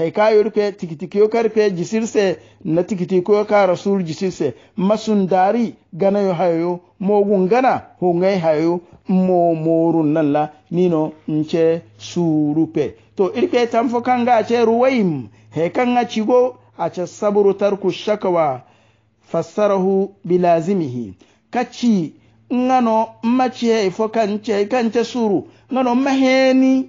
heykayorpe tikitikiyokarpe jisirse na tikitikiyoka rasul jisirse masundari ganayo hayoyo mogun gana hungay hayoyo mo morun nan la nino nche surupe to irpe tanfo kanga ache ruwaim he kanga chigo acha saburu tarku shakawa fassarahu bilazimihi kachi ngano mmachi he ifo kanche kanche suru ngano maheni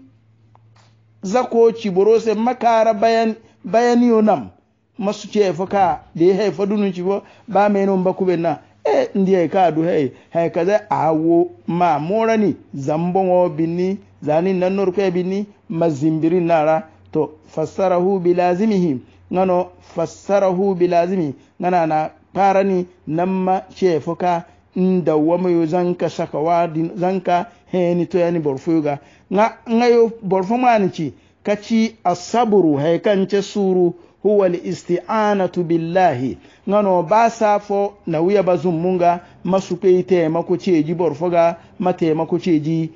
zako ciboro se makara bayan bayaniyo nam masu ce fa ka da ya haifa dunun ci ba mai nan ba kube na e ndi ya ka du hai hai ka zai awo ma morani zambon wa binni zanin nan nur kai binni mazimbirin nara to fassarahu bi lazimihi ngano fassarahu bi lazimi ngana na parani nan ma ce ka nda wamayo zanka saka wadi zanka heni to yani borfoyoga nga ngayo borfo manici kaci asaburu haikance suru huwa isti'anatu billahi ngano ba safo na wiya ba zummunga masu kai taimako ceji borfoga mataimako ceji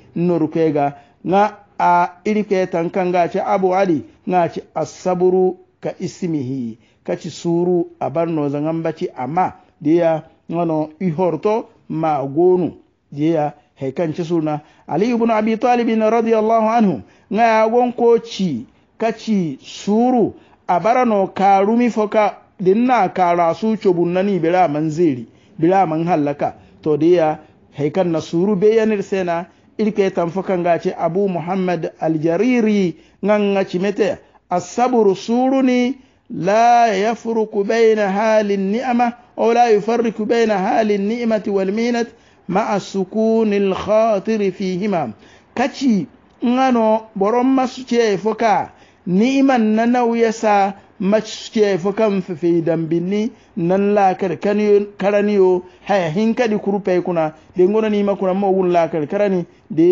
ga nga a irike tankan ga ce abu ali nga ci asaburu ka ismihi kaci suru a barno zangan ma amma diya hono ihorto ma goonu jeeya hay kanke suna ali ibnu abi talibin radiallahu anhu ŋaagon koci kaci suuru a barano kaarumi fo ka dinna kaara su cobun nani bira man zeri bira man hallaka to deya hay kan na suuru be yanir sena irke tan fo kan gace abu muhammad aljariri ŋaŋa cimete asaburu suuruni la yafuruku bayna halin ni'ama أو baina halin بين حال النعمة والمهنة مع السكون الخاطر فيهما كتشي ngano boron masu ce fuka ni'iman na nauya sa masu ce fukan fifi dambinni nan lakar karaniyo hayahin kadi kurpe kuna da ngona ni makuna ma wun karani da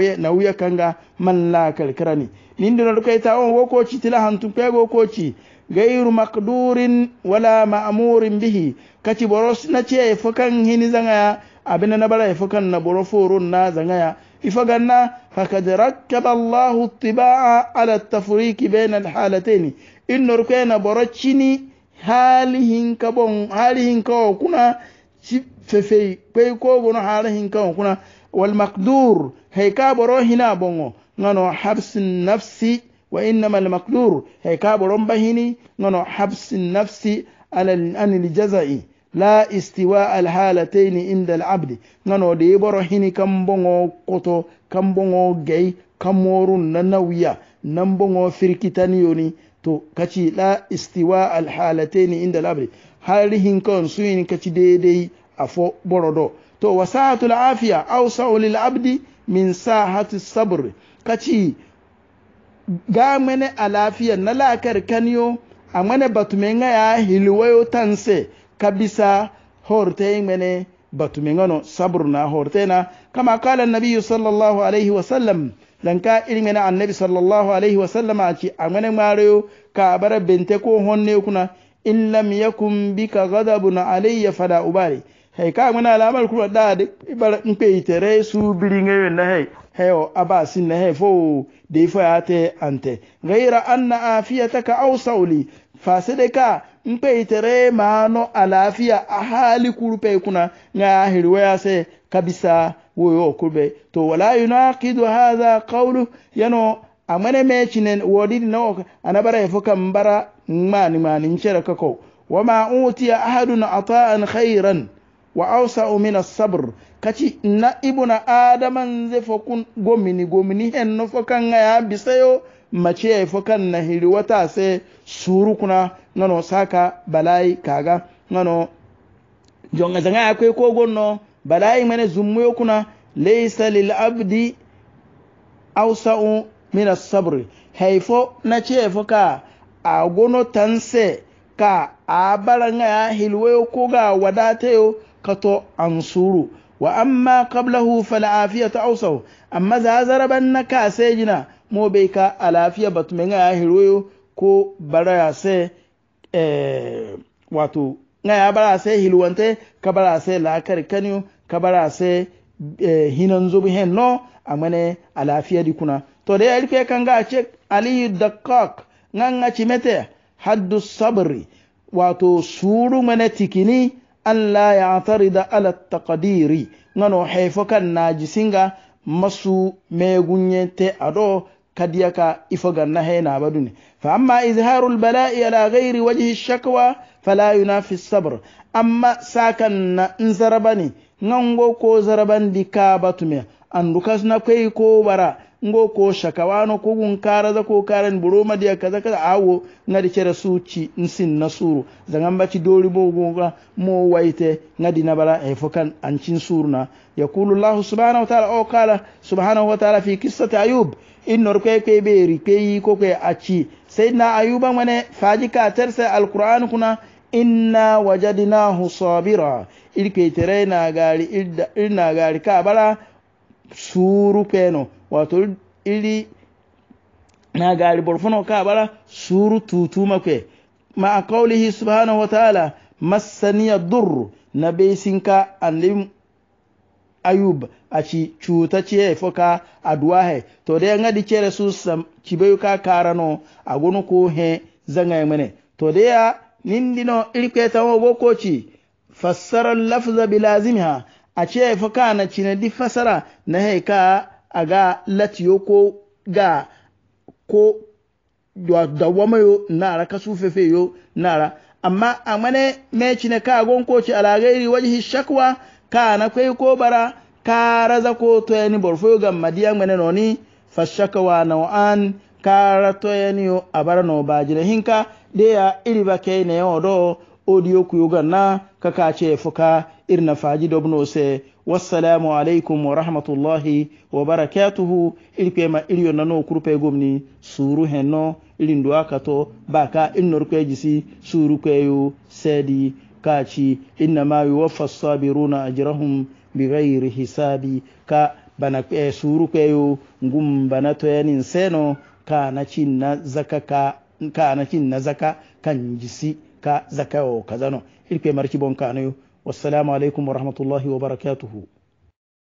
ya na wuya kanga man lakar karani nin da na rukaita on wokoci tila hantun kai gairu makdurin wala ma'amurin bihi kaci boro na ce ai fakan hin zangaya abinda na bari ai na boro furon na zangaya ifa ganna haƙarrake da lahutibaa a da tafurin kibena halatani in norfe na boro cini halin ka okuna shi fefe ko buno halin ka okuna wal makadur kai ka boro hin abongo nafsi. وإنما المقدور هيكابرون رمبهني نونو حبس النفس على الأن الجزائي لا استواء الحالتين عند العبد نونو ديبرو هني هيني كامبونغو كوتو كم مورو ننويا نم نامبونغو فركتانيوني تو كاشي لا استواء الحالتين عند العبد هل هنكون سوين كاشي دي دي أفو برودو تو وساعة العافية أوسع للعبد من ساحة الصبر كاشي ga mene a lafiyar na lakar kaniyo a mene batumenga ya hilwayo tanse kabisa horte mene batumenga no sabur na horte na kama kala nabiyu sallallahu alaihi wasallam ka irin mene annabi sallallahu alaihi wasallam a ci a mene marayo ka bara binte ko honne kuna in lam yakun bika ghadabun alayya fala ubari hay ka mene alamar kuma da ibar in pe itere su biringa na hay hayo abasin na hefo da ifo ya te ante gaira anna ka ausauli sauli fasede ka tare maano alafiya a hali kurpe kuna nga hirwaya se kabisa woyo kurbe to wala yunaqidu hadha qawlu yano amane mechinen wodidi no anabara efo kambara mani mani nchere kako wama utiya ahadun ataan khairan wa awsa'u min as-sabr kaci na ibuna adaman ze fo kun gomini gomini hen no fo kan ya bisayo mace fo kan na hiri wata se suru kuna nono saka balai kaga nono jonga zanga akwe ko gonno balai mane zummuyo kuna laysa lil abdi awsa'u min as-sabr haifo na ce fo ka a tanse ka abalanga ya hilwe ko ga wadatayo kato an suru wa amma qablahu fal'afiya ta ausau amma zazaraban na ka sai jina mo bai ka a lafiya ba tu ya hiroyo ko bara wato nga ya bara ka bara lakar kaniyo ka bara hinan zubi hen a mane a lafiya kuna to da ya kan ga ce aliyu da kok nga nga ci haddu sabri wato suru mana tikini ألا يعترض على التقدير نانو حيفوكا ناجسينغا مسو ميغوني تي أدو كديكا إفوغا نهي نابدوني فأما إظهار البلاء على غير وجه الشكوى فلا ينافي الصبر أما ساكن نزرباني نانغو كو زربان دي كابتمي أن ركزنا كيكو برا ngo ko shakawano gun kara za ko karan buroma madiya kaza kaza awo da kira suci nsin nasuru zangamba ci dori bogo mo waite ngadi nabara e fokan ancin ya yaqulu allah subhanahu wa ta'ala o kala subhanahu wa ta'ala fi qissati ayub in nor kai be ri kai yi ko ci aci na ayuba mane faji ka sai alquran kuna inna wajadnahu sabira ilke tere na gari ilna gari ka bala suru peno wato iri na gari borfono ka bara suru tutu makwe ma a kaulihi subhanahu wa ta'ala masaniya dur na besinka annabi ayub a ci cuta ce foka a he to da yanga di cere su sam bai ka karano a gunu ko he zanga ya mene to da ya nindino ilke ta wo ci fassarar lafza bilazimha a ce foka na cinadi di fasara na he ka aga latiyo ko ga ko yo nara ka yo nara amma a amane na ka gonko ci alagairi wajhi shakwa na kai ko bara ka raza ko yani borfo ga madiya ngene noni fashakawa naw'an kara toyaniyo abara no bajire hinka de deya iri keyne ne odo. audio kuyoga na kaka ce fuka irna faji dobno se wassalamu alaikum wa rahmatullahi wa barakatuhu ilkwe ma iliyo nano kurpe gomni suru henno ilin akato baka innor kwe jisi suru kweyo sedi kachi inna ma yuwaffa sabiruna ajrahum bighairi hisabi ka bana e, suru kweyo ngum bana toyanin seno kana cin na zakaka ka kana cin na zaka kan jisi كا زكاو كذانو إلكي مركبون كانيو والسلام عليكم ورحمة الله وبركاته